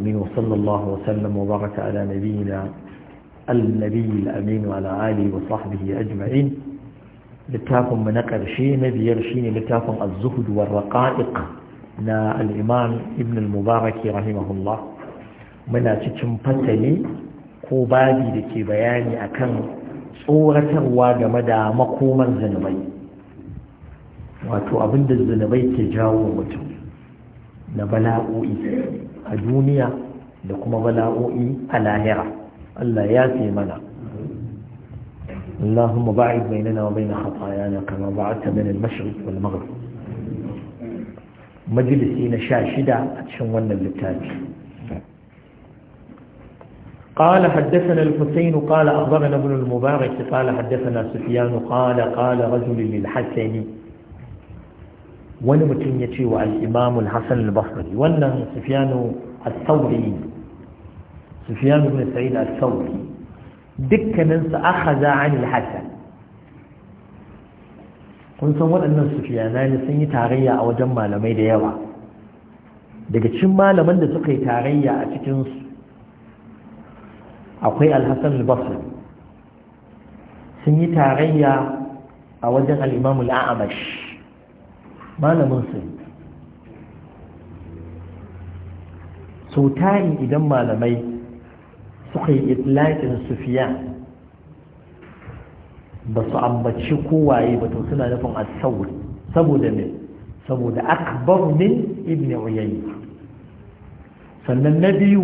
من وصلى الله وسلم وبارك على نبينا النبي الأمين وعلى آله وصحبه أجمعين لتافهم منقر شيء نبي يرشين لتافهم الزهد والرقائق نا الإمام ابن المبارك رحمه الله من تتم فتلي كوبادي لكي بياني أكن صورة مدى مقوم الزنبي واتو أبند الزنبي تجاوه وتو إذن a duniya da kuma bala'o'i a lahira Allah ya fi mana اللهم باعد بيننا وبين خطايانا كما بعدت بين المشرق والمغرب مجلسي نشاشدة أتشون اللتاج قال حدثنا الحسين قال أخبرنا ابن المبارك قال حدثنا سفيان قال قال رجل للحسن wani mutum ya ce wa al'imamun hassan al-basri wannan sufiyanu الثوري سفيان بن سعيد الثوري دكا ننسى عن الحسن kun san waɗannan sufiyanani sun yi tarayya a wajen malamai da yawa daga cikin malaman da suka yi tarayya a cikinsu akwai alhassan al-basri sun yi tarayya a wajen al'imamul a'amash malamin su sau tari idan malamai suka yi itlaƙin sufiya ba su ambaci kowaye ba to suna nufin asawar saboda ne saboda akbar min ibn uyayi sannan na biyu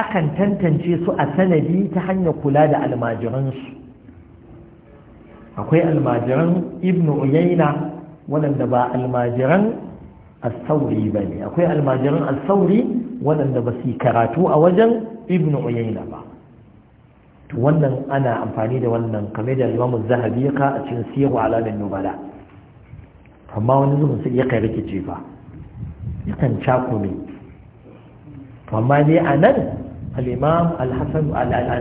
akan tantance su a sanadi ta hanyar kula da almajiransu akwai almajiran ibn uyayna waɗanda ba almajiran asauri ba ne akwai almajiran asauri waɗanda ba su karatu a wajen Ibnu uyayna ba to wannan ana amfani da wannan kamar da imamu zahabi ya ka a cikin siyaru alamin nubala amma wani zubin sai ya kai rikici fa yakan cakume amma dai a nan al-imam al-hasan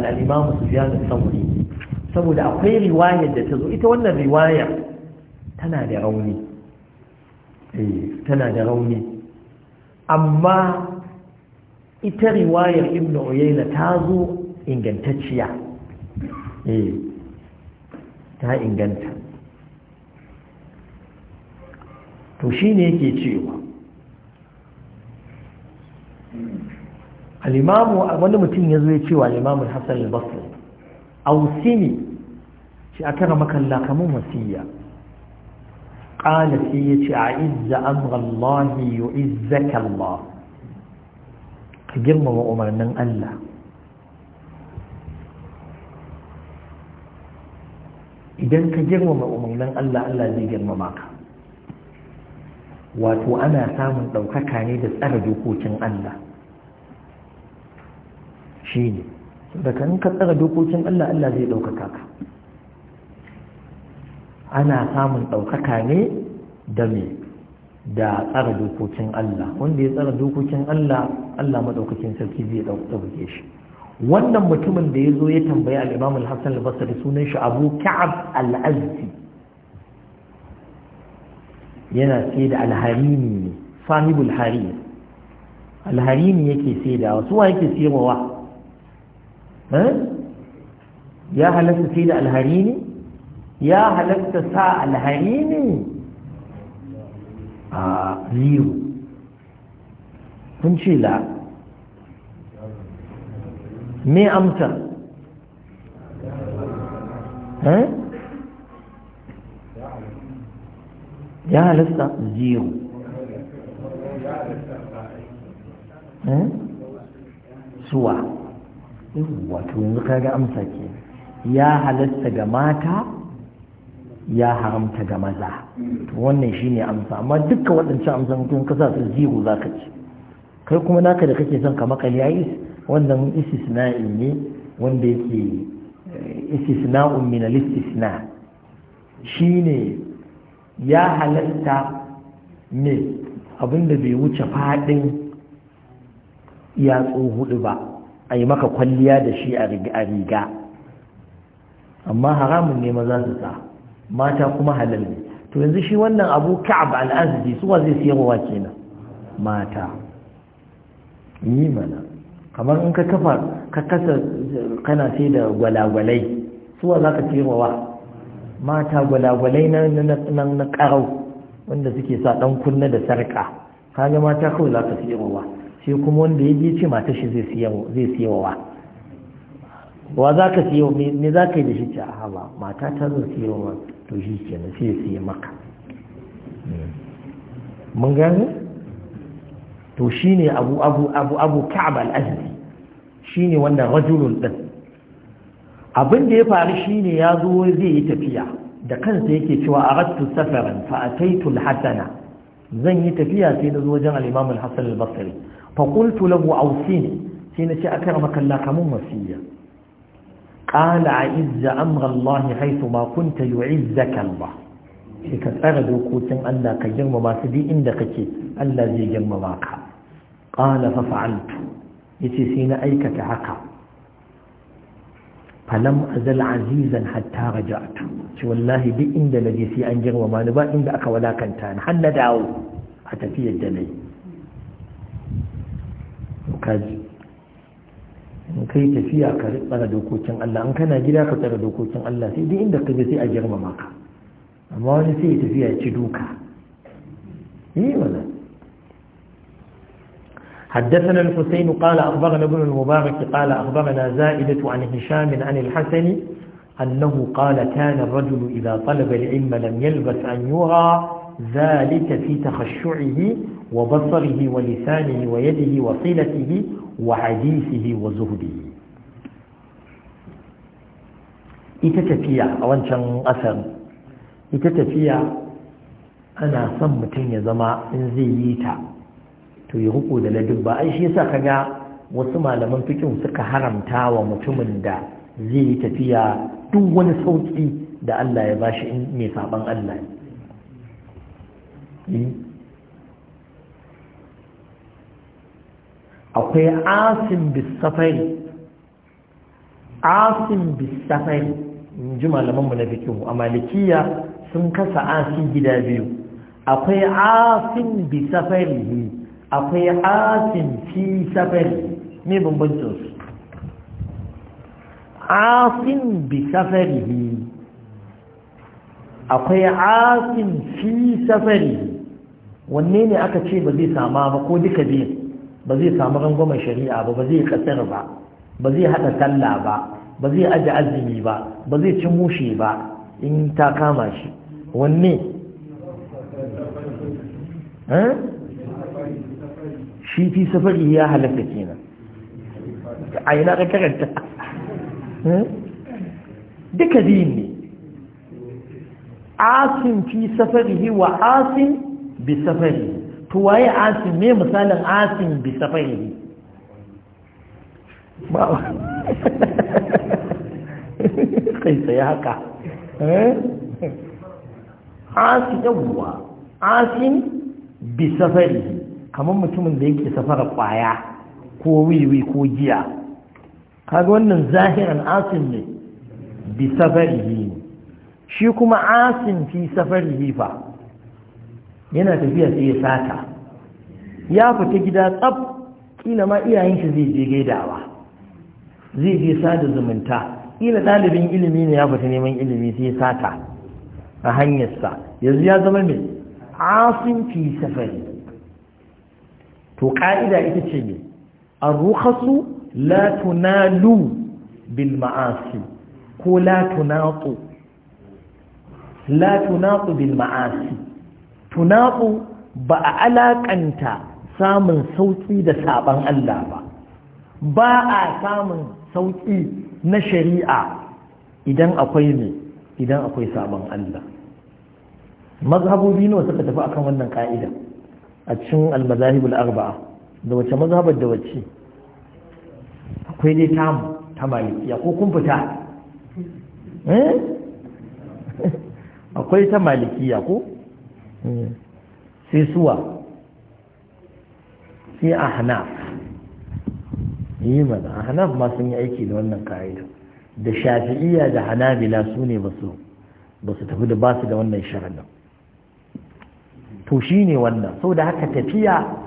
al-imam sufyan al saboda akwai riwayar da ta zo ita wannan riwayar tana da rauni eh, tana da rauni amma ita riwayar ibn uyayna ta zo ingantacciya eh ta inganta to shine yake cewa al wani mutum yazo ya ce wa al-imamu Hassan al-Basri awsini shi akara makalla kamun wasiya qala sai yace a'izza amra Allah yu'izzaka ka girmama umarnin Allah idan ka girmama umarnin Allah Allah zai girmama ka wato ana samun ɗaukaka ne da tsara dokokin Allah shi ne da kan ka tsara dokokin Allah Allah zai ɗaukaka ka ana samun ɗaukaka ne da mai da tsara dokokin Allah wanda ya tsara dokokin Allah Allah madaukakin sarki zai dauke shi wannan mutumin da ya zo ya tambayi al-Imam al-Hasan al-Basri sunan shi Abu Ka'ab al-Azdi yana sai da al-Harimi ne sahibul Harim al-Harimi yake sai da wasu wa yake sayarwa eh ya halatta sai da al-Harimi ya halatta sa al-Harimi a zero kun ce la me amsa eh? ya halasta ziru eh? suwa wato yanzu kaga amsa ke ya halasta ga mata ya haramta ga maza to wannan ne amsa amma dukkan waɗancan amsa mutum ka sa su zihu za ka ci kai kuma naka da kake son ka makali ya yi wannan istisna'i ne wanda yake eh, istisna'un min al-istisna ne ya halatta ne abinda bai wuce faɗin yatsu hudu ba a yi maka kwalliya da shi a riga amma haramun ne maza su sa mata kuma halal ne to yanzu shi wannan abu ka'ab al'azdi suwa zai siyarwa kenan mata yi mana kamar in ka kafa ka kasa kana sai da gwalagwalai suwa za ka siyarwa mata gwalagwalai na karau wanda suke sa dan kunna da sarka kaga mata kawai za ka siyarwa sai kuma wanda ya je ce mata shi zai siyarwa wa za ka siyo ne za ka yi da shi ce a haba mata ta zo siyo wa to shi ke na sai siya maka hmm. mun gane to shi ne abu abu abu abu shi ne wanda rajulun din abin da ya faru shi ne ya zo zai yi tafiya da kansa yake cewa a rattu safarin fa ataitu hasana zan yi tafiya sai na zo wajen alimamin Hassan al-hasan al-basri fa qultu lahu awsini sai na ce akramaka makalla kamun wasiya قال عز أمر الله makunta ما كنت يعزك الله E ka tsara dokokin Allah ka girmama su duk inda kake Allah zai girmama ka qala fa fa'altu yace sai na aikata haka Kalam azal azizan hatta raja'tu ce wallahi duk inda naje sai an girmama ni ba inda aka walakanta ni har na dawo a tafiyar da nayi in kai tafiya ka tsara dokokin Allah in kana gida ka tsara dokokin Allah sai duk inda ka je sai a girmama ka amma wani sai ya tafiya ci duka yi wala حدثنا الحسين قال أخبرنا ابن المبارك قال أخبرنا زائدة عن هشام عن الحسن أنه قال كان الرجل إذا طلب العلم لم يلبث أن يرى ذلك في تخشعه wa ولسانه ويده وصلته وحديثه وزهده ita tafiya a wancan ƙasar, ita tafiya ana son mutum ya zama in zai yi ta to ya huku da ladubba ai shi yasa kaga wasu malaman fikin suka haramta wa mutumin da zai yi tafiya duk wani sauƙi da Allah ya bashi in mai saban Allah akwai asim bisafari asim bisafari in ji malamanmu na fikihu a malikiya sun kasa asin gida biyu akwai asim bisafari akwai asim fi safari ne bambancinsu asim bisafari akwai asim fi safari wanne ne aka ce ba zai sama ba ko duka biyu ba zai samu rangwamen shari'a ba ba zai kasar ba ba zai haɗa talla ba ba zai aji azumi ba ba zai ci mushe ba in ta kama shi wanne eh? shi fi safari ya halatta kenan a yi na karanta eh? duka din ne asin fi safari wa asin bi safari. to waye asim me misalin asim bi safarihi ba kai sai haka eh? asim yawwa asim bi safarihi kamar mutumin da yake safara kwaya ko wiwi ko giya kaga wannan zahiran asim ne bi safari. shi kuma asim fi safari fa yana tafiya sai ya sata ya fita gida tsab kila ma iyayen shi zai je gaidawa zai je sada zumunta kila dalibin ilimi ne ya fita neman ilimi sai ya sata a hanyarsa yanzu ya zama mai asin fi safari to ka'ida ita ce ne ruhasu la tunalu bil ma'asi ko la tunatu la tunatu bil ma'asi tunaku ba a alakanta samun sauki da saban Allah ba ba a samun sauki na shari'a idan akwai ne idan akwai saban Allah mazhabobi nawa suka tafi akan wannan ka'ida a cikin almazahibul arba'a da wace mazhabar da wace akwai ne tamu ta malikiya ko kun fita eh? akwai ta malikiya ko sai suwa sai ahnaf yi mana ahnaf ma sun yi aiki da wannan ka'ida da shafi'iyya da hanabila su ne ba su tafi da basu da wannan sharaɗin to shi wannan sau da haka tafiya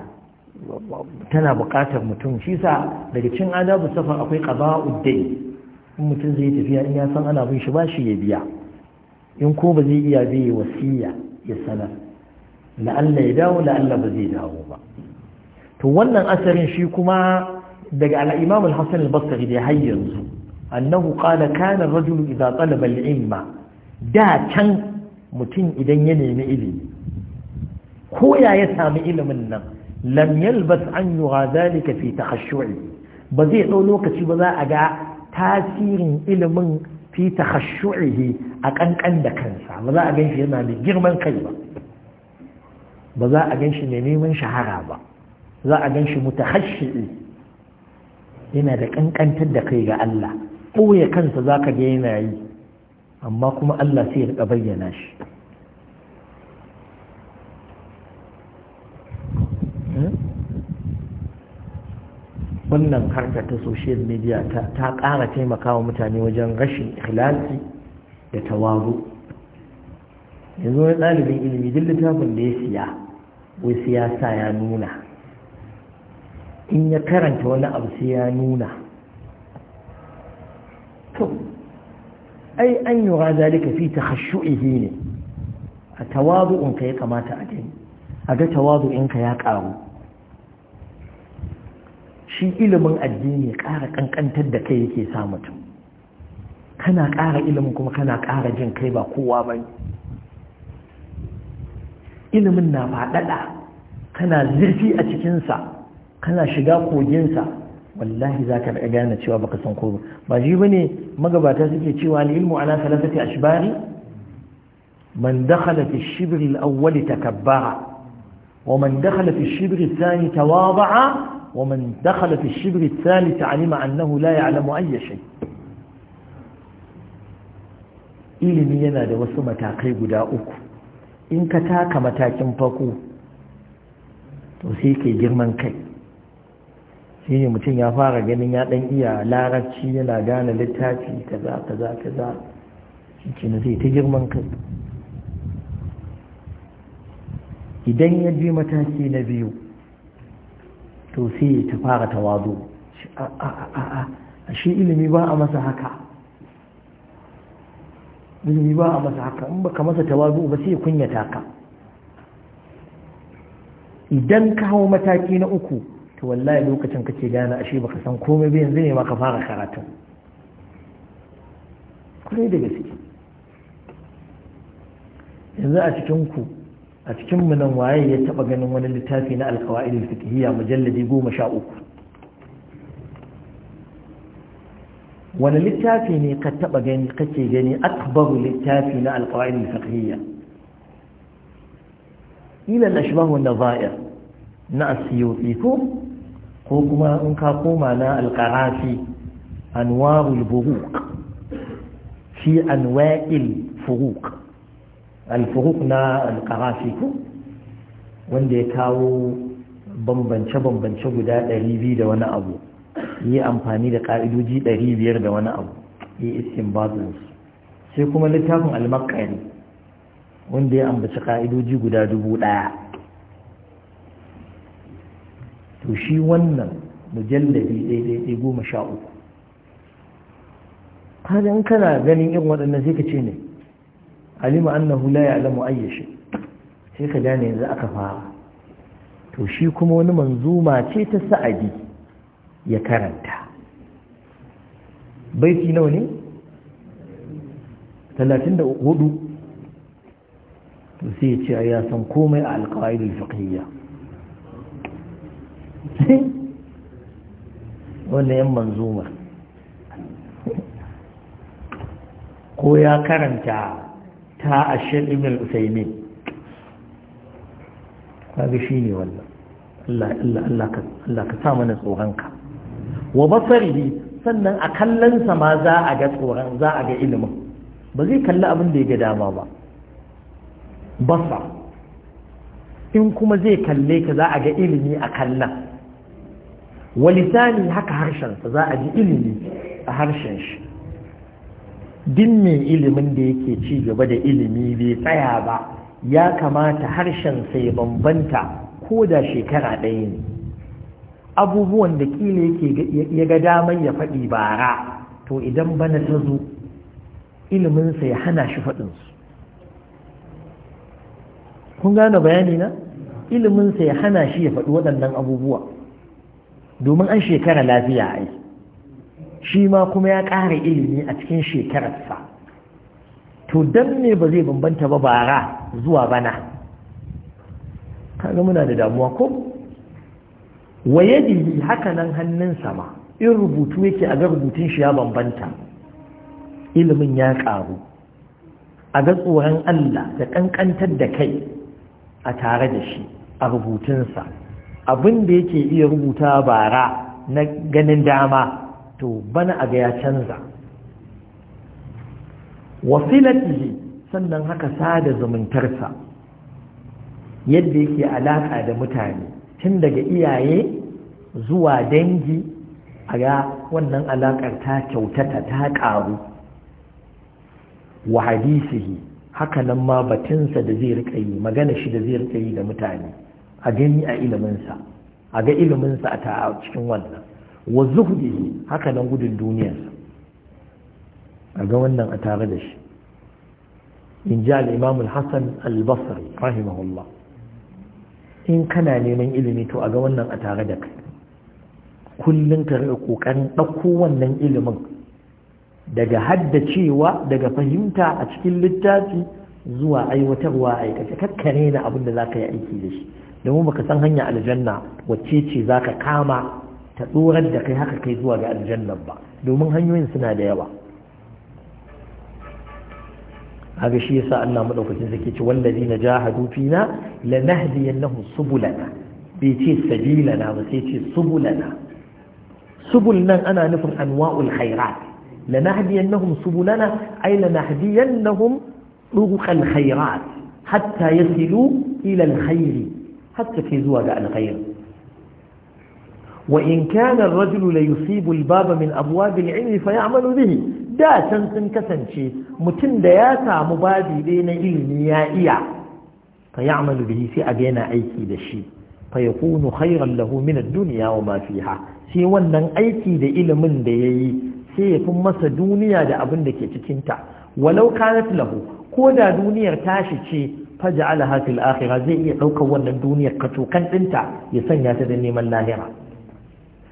tana buƙatar mutum shi sa daga cin adabu safar akwai ƙaba'ud dai in mutum zai tafiya in ya san ana bin shi ba shi ya biya in ko ba zai iya bai wasiya ya sanar la'alla ya dawo la'alla ba zai dawo ba to wannan asarin shi kuma daga al'imam al-hassan al-basri da har yanzu annahu qala kana ar-rajulu idza talaba al-ilma da can mutum idan ya nemi ilimi ko ya ya sami ilimin nan lam yalbas an yuha zalika fi takhashshu'i ba zai dau lokaci ba za a ga tasirin ilimin fi takhashshu'ihi a kankan da kansa ba za a ganshi shi yana da girman kai ba ba za a gan shi mai neman shahara ba za a gan shi mutahashshi yana da kankantar da kai ga Allah ya kansa za ka ga yana yi amma kuma Allah sai ya bayyana shi hmm? wannan harka ta social media ta ƙara taimakawa mutane wajen rashin ikhlasi da tawaru yanzu wani ɗalibin ilimi duk littafin da ya siya wai siyasa ya nuna in ya karanta wani abu sai ya nuna to ai an yi wa zalika fi ta ne a ka ya kamata a gani a ga ka ya karu, shi ilimin addini ƙara kankantar da kai yake sa mutum kana ƙara ilimin kuma kana ƙara jin kai ba kowa bane. ilimin na faɗaɗa kana zirfi a cikinsa kana shiga koginsa wallahi za ka riƙa gane cewa baka san ko ba ji ba ne magabata suke cewa ilmu ala salatati ashbari man dakhala fi shibri al-awwal takabbara wa man dakhala fi shibri al-thani tawada'a ومن دخل في الشبر الثالث علم أنه لا يعلم أي شيء ilimi yana da wasu matakai guda uku in ka taka matakin fako to sai ke girman kai shi ne mutum ya fara ganin ya ɗan iya larabci yana gane littafi kaza kaza kaza shi ke na zai ta girman kai idan ya bi mataki na biyu to sai ta fara tawazo a shi ilimi ba a masa haka zunubi ba a masa haka in baka masa tawazu ba sai kunyata ka idan ka hau mataki na uku to wallahi lokacin kake gane ashe baka san komai ba yanzu ne ma ka fara karatu kuma da gaske yanzu a cikin ku a cikin mu nan waye ya taba ganin wani littafi na alkawaidul fiqhiyya mujalladi goma sha uku wani littafi ne ka taba gani kake gani akbaru littafi na Alƙawarin al ila al-ashbah wa na asyuti ko ko kuma in ka koma na al-qarafi anwarul buruq fi anwa'il furuk al na Alƙarafi ko wanda ya kawo bambance-bambance guda 200 da wani abu yi amfani da ƙa'idoji 500 da wani abu yi iskin sai kuma littafin almakari wanda ya ambaci ƙa'idoji guda dubu ɗaya to shi wannan mujallabi ɗaiɗaiɗai goma sha uku in kana ganin irin waɗannan sai ka ce ne alima annahu la ya'lamu ayyashi sai ka gane yanzu aka fara to shi kuma wani manzuma ce ta sa'adi ya karanta baiti nawa ne 34 to sai ya ce ya san komai a alƙa'idul fiqhiyya wannan yan manzuma ko ya karanta ta a ibn al-usaimin kaga shine wannan Allah Allah Allah Allah ka sa mana tsoronka wa basarihi sannan a kallonsa ma za a ga tsoron za a ga ilimin ba zai kalli abin da ya ga dama ba basa in kuma zai kalle ka za a ga ilimi a kallon walisani haka harshensa za a ji ilimi a harshen shi din mai ilimin da yake ci gaba da ilimi bai tsaya ba ya kamata harshen sai bambanta ko da shekara ɗaya ne abubuwan da kila yake ya ga damar ya faɗi bara to idan bana ta zo iliminsa ya hana shi faɗinsu kun gane bayani na iliminsa ya hana shi ya faɗi waɗannan abubuwa domin an shekara lafiya ai shi ma kuma ya ƙara ilimi a cikin shekararsa to dan ne ba zai bambanta ba bara zuwa bana kaga muna da damuwa ko wa yadihi haka nan hannunsa ma in rubutu yake a ga rubutun shi ya bambanta ilimin ya ƙaru a ga tsoron Allah da ƙanƙantar da kai a tare da shi a rubutunsa abin da yake iya rubuta bara na ganin dama to bana a ga ya canza wasilatihi sannan haka sada zumuntarsa yadda yake alaƙa da mutane tun daga iyaye zuwa dangi a ga wannan alaƙar ta kyautata ta ƙaru wa hadisihi hakanan ma batinsa da zai rika yi magana shi da zai rika yi da mutane a gani a iliminsa a ga iliminsa a ta cikin wannan wa zuhdihi hakanan gudun duniyarsa a ga wannan a tare da shi in ji al al-hasan al-basri rahimahullah in kana neman ilimi to a ga wannan a tare da kai kullum ka riƙa ƙoƙarin ɗauko wannan ilimin daga haddacewa daga fahimta a cikin littafi zuwa aiwatarwa a aikace kakkare na abin da za ka yi aiki da shi domin baka san hanya aljanna wacce ce za ka kama ta tsorar da kai haka kai zuwa ga aljannan ba domin hanyoyin suna da yawa هذا شيء يسا أننا ملوكتين زكيت والذين جاهدوا فينا لنهدي أنهم سبلنا بيتي سبيلنا وسيتي سبلنا سبلنا أنا نفر أنواع الخيرات لنهدي أنهم سبلنا أي لنهدي أنهم رغق الخيرات حتى يصلوا إلى الخير حتى في زواج الخير وإن كان الرجل ليصيب الباب من أبواب العلم فيعمل به دا can sun kasance mutum da ya samu babi dai na ilimi ya iya fa ya'malu bihi sai a yana aiki da shi fa yakunu khayran lahu min ad-dunya wa ma fiha sai wannan aiki da ilimin da yayi sai ya fi masa duniya da abin da ke cikin ta walau kanat lahu ko da duniyar tashi ce faja'alaha fil akhirah zai iya daukar wannan duniyar katokan dinta ya sanya ta da neman lahira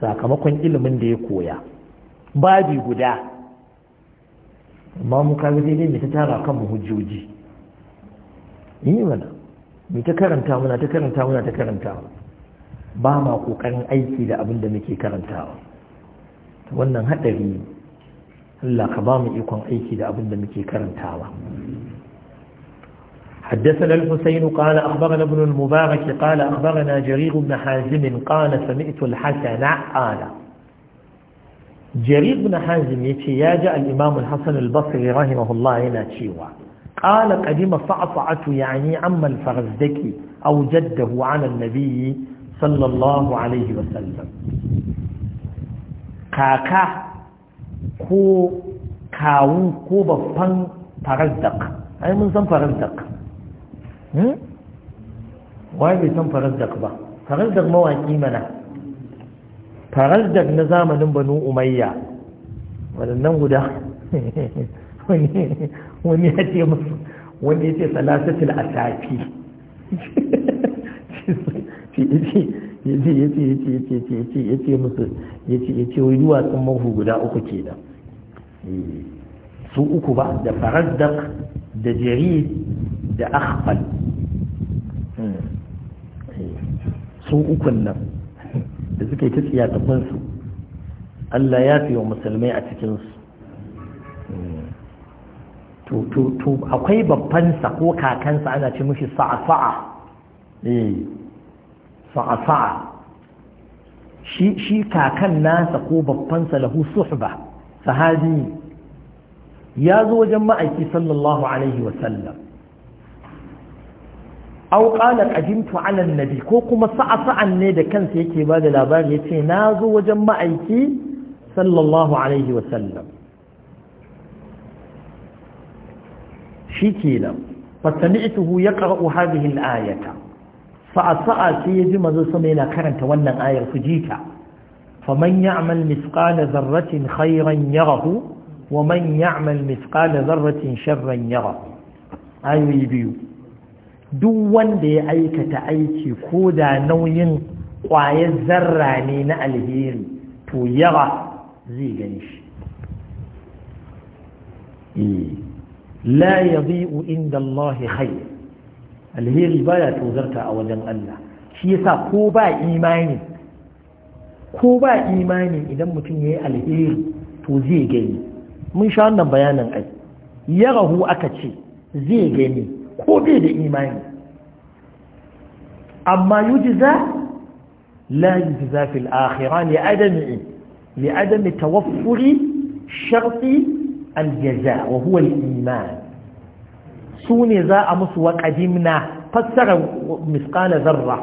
sakamakon ilimin da ya koya babi guda amma mu kaga sai dai ta tara kan mu hujjoji yi mana mu ta karanta muna ta karanta muna ta karanta ba ma kokarin aiki da abin da muke karantawa wannan haɗari Allah ka ba mu ikon aiki da abin da muke karantawa حدثنا الحسين قال أخبرنا ابن المبارك قال أخبرنا جرير بن حازم قال سمعت الحسن قال جرير بن حازم يتي الإمام الحسن البصري رحمه الله إلى تشيوى قال قديم صعصعة يعني عم الفرزدكي أو جده على النبي صلى الله عليه وسلم كاكا كو كاو كو بفن فرزدق أي من زن فرزدق Hmm? wai bai san farazdak ba farazdak mawaƙi mana farazdak na zamanin banu umayya waɗannan guda wani ya ce musu wani ya ce salasatul asafi ya ce ya musu ya ce ya ce wai duwatsun mahu guda uku ke da eh, su uku ba da farazdak da jari da akhbal hmm. su ukun nan da suka yi ta tsiyatafinsu Allah ya fi wa musulmai a cikinsu hmm. to akwai babbansa ko kakansa ana ce mushi sa'a sa'a, eh, sa'asa'a shi shi kakan nasa ko babbansa lahu suhba sahabi ya zo wajen ma'aiki sallallahu alaihi wa sallam aw qala qadimtu ala nabi ko kuma sa'a sa'an ne da kansa yake ba da labari yace na zo wajen ma'aiki sallallahu alaihi wa sallam shikenan fa sami'tuhu yaqra'u hadhihi al-ayata sa'a sa'a sai yaji manzo sama yana karanta wannan ayar fujita faman ya'mal mithqala dharratin khayran yarahu wa man ya'mal mithqala dharratin sharran yarahu ayoyi biyu duk wanda ya aikata aiki ko da nauyin ƙwayar zarra ne na alheri to yawa zai gani shi eh, la ya inda Allah khair alheri baya tozarta a wajen Allah shi yasa ko ba imani ko ba imani idan mutum ya yi alheri to zai gani mun sha wannan bayanin ai yarahu aka ce zai gani ko bai da imani amma yujza la yujza fil akhirah li adami li adami tawaffuri sharti sharfi aljaza, wa huwa iman sune za a musu wa qadimna fassara misqala zarra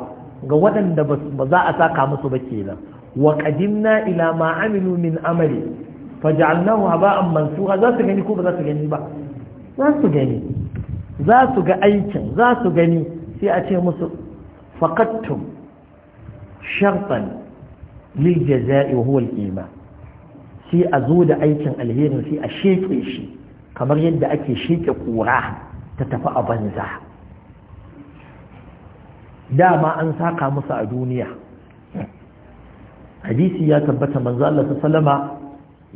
ga waɗanda ba za a saka musu ba kenan wa qadimna ila ma min amali faj'alnahu haba'an mansura za su gani ko ba za su gani ba za su gani za su ga aikin za su gani sai a ce musu faƙattun sharfan lil Zai wa huwa sai a zo da aikin alherin sai a sheke shi kamar yadda ake sheke kura ta tafi a banza dama an saka musu a duniya hadisi ya tabbata manzo Allah sallama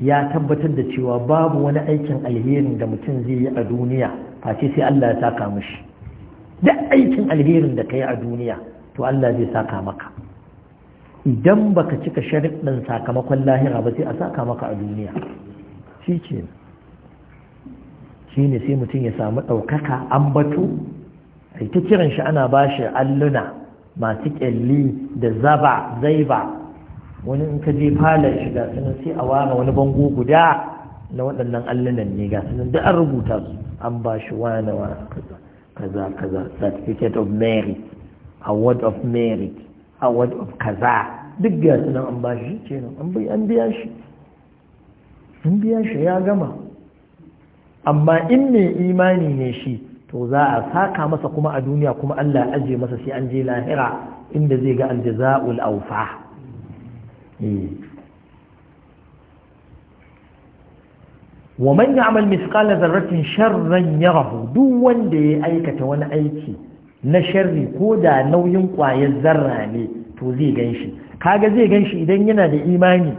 ya tabbatar da cewa babu wani aikin alherin da mutum zai yi a duniya face sai Allah ya saka mishi duk aikin alherin da ka yi a duniya to Allah zai saka maka idan baka cika sharaɗin sakamakon lahira ba sai a saka maka a duniya shi ce shi ne sai mutum ya samu ɗaukaka an bato a ta kiran shi ana bashi alluna masu ƙyalli da zaba zaiba wani in ka je fala shi ga sunan sai a ware wani bango guda na waɗannan allunan ne ga sunan da an rubuta su an ba shi wane wa kaza kaza certificate of merit award of merit award of kaza duk ga sunan an ba shi ce an biya shi an biya shi ya gama amma in mai imani ne shi to za a saka masa kuma a duniya kuma Allah ya aje masa sai an je lahira inda zai ga aljaza'ul awfa wa man ya'mal mithqala dharratin sharran yarahu duk wanda ya aikata wani aiki na sharri ko da nauyin ƙwayar zarra ne to zai ganshi kaga zai ganshi idan yana da imani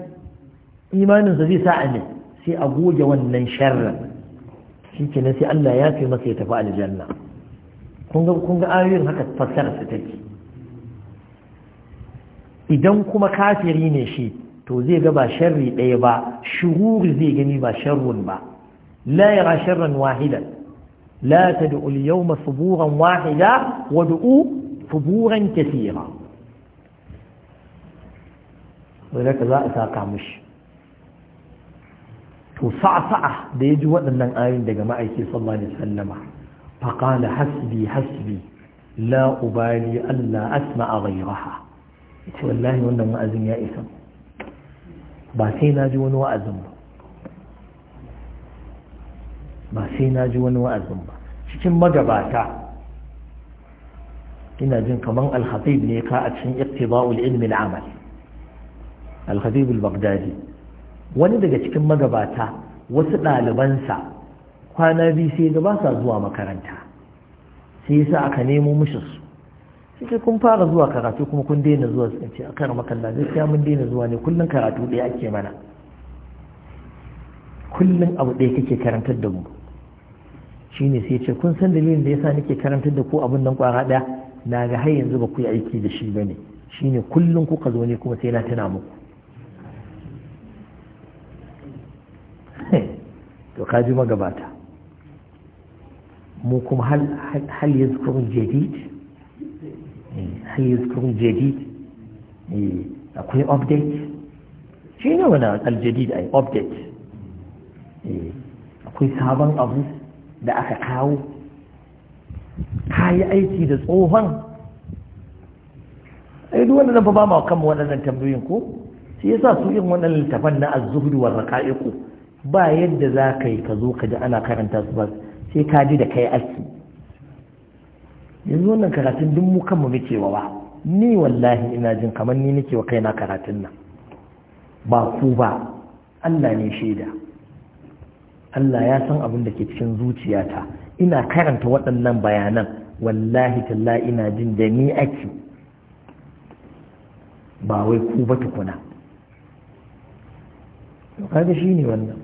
imaninsa zai sa a ne sai a goge wannan sharrin shi kenan sai Allah ya fi masa ya tafi aljanna kun ga ayoyin haka fassara take idan kuma kafiri ne shi to zai ga ba sharri ɗaya ba shururi zai gani ba sharrun ba la yara sharran wahidan la tad'u al-yawma suburan wahida wad'u suburan kathira wanda ka za a saka mushi to sa'a da ya ji waɗannan ayin daga ma'aiki sallallahu alaihi wasallama faqala hasbi hasbi la ubali alla asma'a ghayraha ce wallahi wannan wa'azin ya isa ba sai na ji wani wa'azin ba ba sai na ji wani wa'azin ba cikin magabata ina jin kaman al ne ka a cikin iqtiba'ul ilmi al-amal al-khatib wani daga cikin magabata wasu ɗalibansa kwana biyu sai ga ba sa zuwa makaranta sai yasa aka nemo mushi su sai kun fara zuwa karatu kuma kun daina zuwa suka ce a kan makalla gaskiya mun daina zuwa ne kullum karatu ɗaya ake mana kullum abu ɗaya kake karantar da mu shine sai ce kun san dalilin da yasa nake karantar da ku abin nan kwara ɗaya na ga har yanzu ba ku yi aiki da shi bane shine kullum kuka zo ne kuma sai na tana muku to ka ji magabata mu kuma hal yanzu kuma jadid sai yuzkurun jadid eh, akwai update shi ne wani aljadid ai update eh, akwai sabon abu da aka kawo kayi aiki da tsohon ai duk wannan ba ma kama waɗannan tambayoyin ko shi yasa su irin wannan littafan na azuhudu wa ba yadda za ka yi ka zo ka ji ana karanta su ba sai ka ji da kai aiki yanzu wannan karatun duk mu kanmu muke wa ba ni wallahi ina jin kamar ni nake wa kaina karatun nan ba ku ba Allah ne shaida Allah ya san abin da ke cikin zuciyata ina karanta waɗannan bayanan wallahi talla ina jin da ni ake ba wai ku ba tukuna kaga shi ne wannan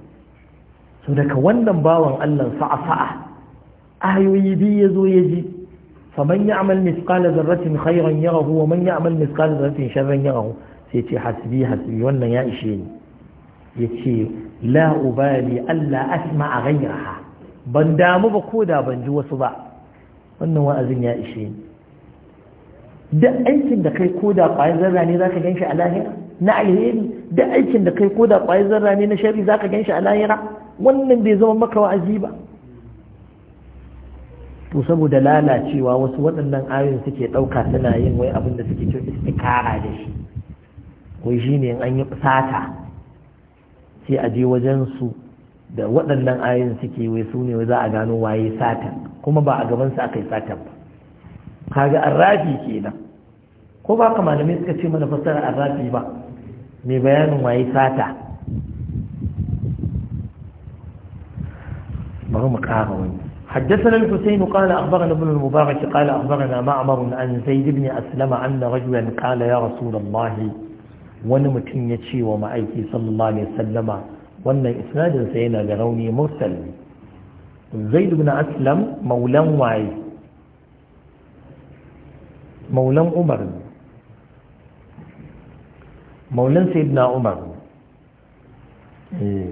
so daga wannan bawan Allah sa'a sa'a ayoyi biyu ya zo ya ji faman ya amal misqala zarratin khairan yarahu wa man ya amal misqala zarratin sharran yarahu sai ce hasbi hasbi wannan ya ishe ni yace la ubali alla asma'a ghayraha ban damu ba ko da ban ji wasu ba wannan ya ishe ni aikin da kai ko da zarra ne zaka ganshi a lahira na alheri duk aikin da kai zarra ne na shari zaka ganshi a lahira wannan bai zama maka wa'azi ba to saboda lalacewa wasu waɗannan ayoyin suke ɗauka suna yin wai abin da suke cin istikara da shi wai shi ne an yi sata sai a je wajen su da waɗannan ayoyin suke wai su ne za a gano waye sata kuma ba a gaban su aka yi sata ba kaga arrafi kenan ko ba ka malamai suka ce mana fassara arrafi ba mai bayanin waye sata bari mu ƙara wani حدثنا الحسين قال أخبرنا ابن المبارك قال أخبرنا معمر عن زيد بن أسلم أن رجلا قال يا رسول الله ونمتن يتشي ومعيكي صلى الله عليه وسلم وأن إسناد سينا لروني مرسل زيد بن أسلم مولا وعي مولا عمر مولا سيدنا عمر إيه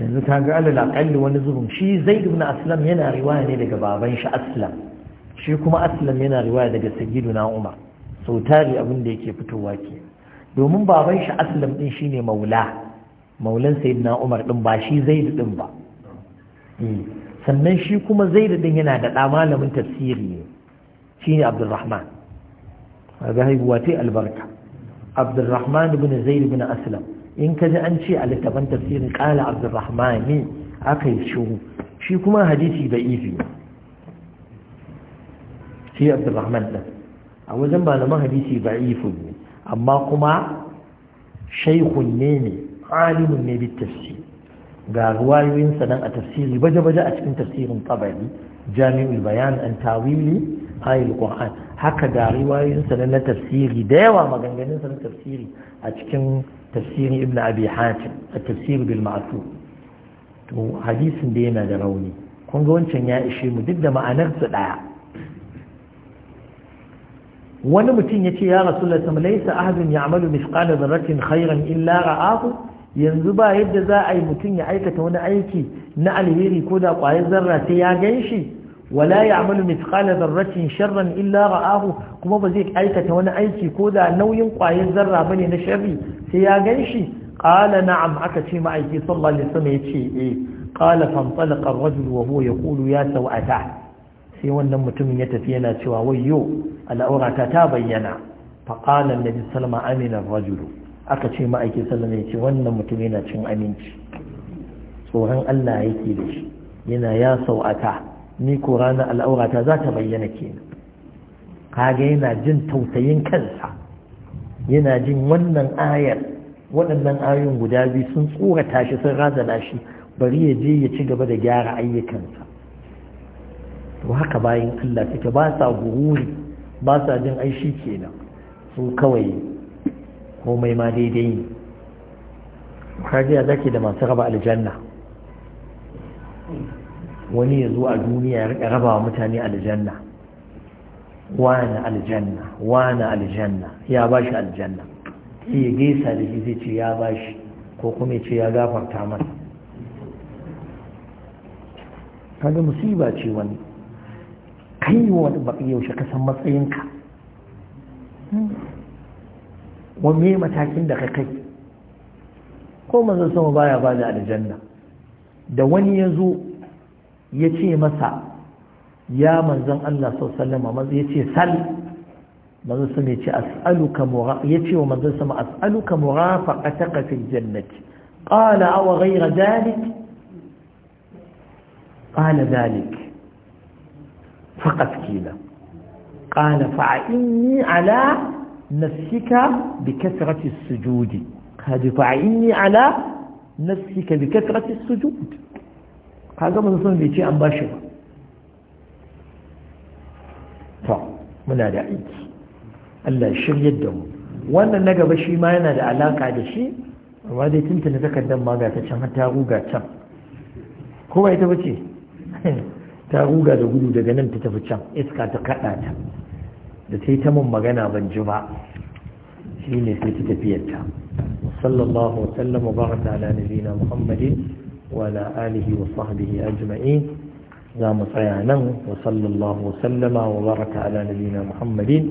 yanzu ta ga alal akalli wani zubin shi zaid ibn aslam yana riwaya ne daga baban shi aslam shi kuma aslam yana riwaya daga na umar sau tari abin da yake fitowa ke domin baban shi aslam din shine maula maulan sayyiduna umar din ba shi zaid din ba eh, sannan shi kuma zaid din yana da ɗa malamin tafsiri ne Abdulrahman, a ga haihuwa albarka abdulrahman ibn zaid ibn aslam in ka ji an ce a littafin tafsirin ƙala abdurrahmani aka yi shiru shi kuma hadisi da ifi shi abdurrahman ɗin a wajen malaman hadisi ba ifi ne amma kuma shaikun ne ne alimun ne bi tafsir ga ruwayoyinsa nan a tafsiri baje-baje a cikin tafsirin tabari jami'ul bayan an tawili ayil qur'an haka ga riwayoyinsa na tafsiri da yawa maganganunsa na tafsiri a cikin tafsirin ibn abi a tafsir bil to hadisin da yana da rauni kun wancan ya ishe mu duk da ma'anarsa ɗaya. wani mutum ya ce ya rasulullah sama laisa ahadun ya'malu mithqala dharratin khairan illa ra'ahu yanzu ba yadda za a yi mutum ya aikata wani aiki na alheri ko da kwayar zarra sai ya gan shi wala ya'malu mithqala dharratin sharran illa ra'ahu kuma ba zai aikata wani aiki ko da nauyin ƙwayar zarra ba ne na sharri sai ya ganshi Ƙala na'am aka ce ma'aiki sallallahu alaihi wasallam yace eh Ƙala fantalaqa ar-rajul wa huwa ya sau'ata. sai wannan mutumin ya tafi yana cewa wai wayyo al'aurata ta bayyana faƙalar na salma aminan rajulu aka ce ma'aiki salama ya ce wannan mutum yana cin aminci tsoron allah yake da shi yana ya sau'ata ni ko ranar al'aurata za ta bayyana kenan kaga yana jin tausayin kansa yana jin wannan ayar waɗannan ayoyin guda biyu sun tsorata shi sun razana shi bari ya je ya ci gaba da gyara ayyukansa to haka bayan Allah take ba sa gururi ba sa jin ai shi kenan su kawai komai ma daidai ne ya zake da masu raba aljanna wani ya zo a duniya ya raba wa mutane aljanna wani aljanna wani aljanna ya ba shi aljanna sai ya gaisa da shi zai ce ya ba shi ko kuma ya ce ya gafarta masa kaga musiba ce wani kai wani baki yaushe ka san matsayinka wani matakin da ka kai ko manzon sama baya ba da aljanna da wani ya zo yace masa ya manzon Allah sallallahu alaihi wasallam ce sal manzan sama ya as'aluka ya ce wa manzan sama as'aluka murafaqataka fil jannati qala aw ghayra dhalik qala dhalik faqat kila qala fa inni ala نفسك بكثرة السجود هذه فعني على نفسك بكثرة السجود kaga mun san bai ce an ba shi ba to muna da aiki Allah ya shirye da mu wannan na gaba shi ma yana da alaka da shi amma dai tuntuna takardar ma ga ta can har ta ruga can Ko bai ita bace ta ruga da gudu daga nan ta tafi can iska ta kada ta da sai ta mun magana ban ji ba shine sai ta tafiyarta sallallahu alaihi wa baraka ala nabiyina muhammadin وعلى آله وصحبه أجمعين زام صيانا وصلى الله وسلم وبارك على نبينا محمد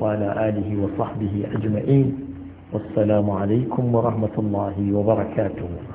وعلى آله وصحبه أجمعين والسلام عليكم ورحمة الله وبركاته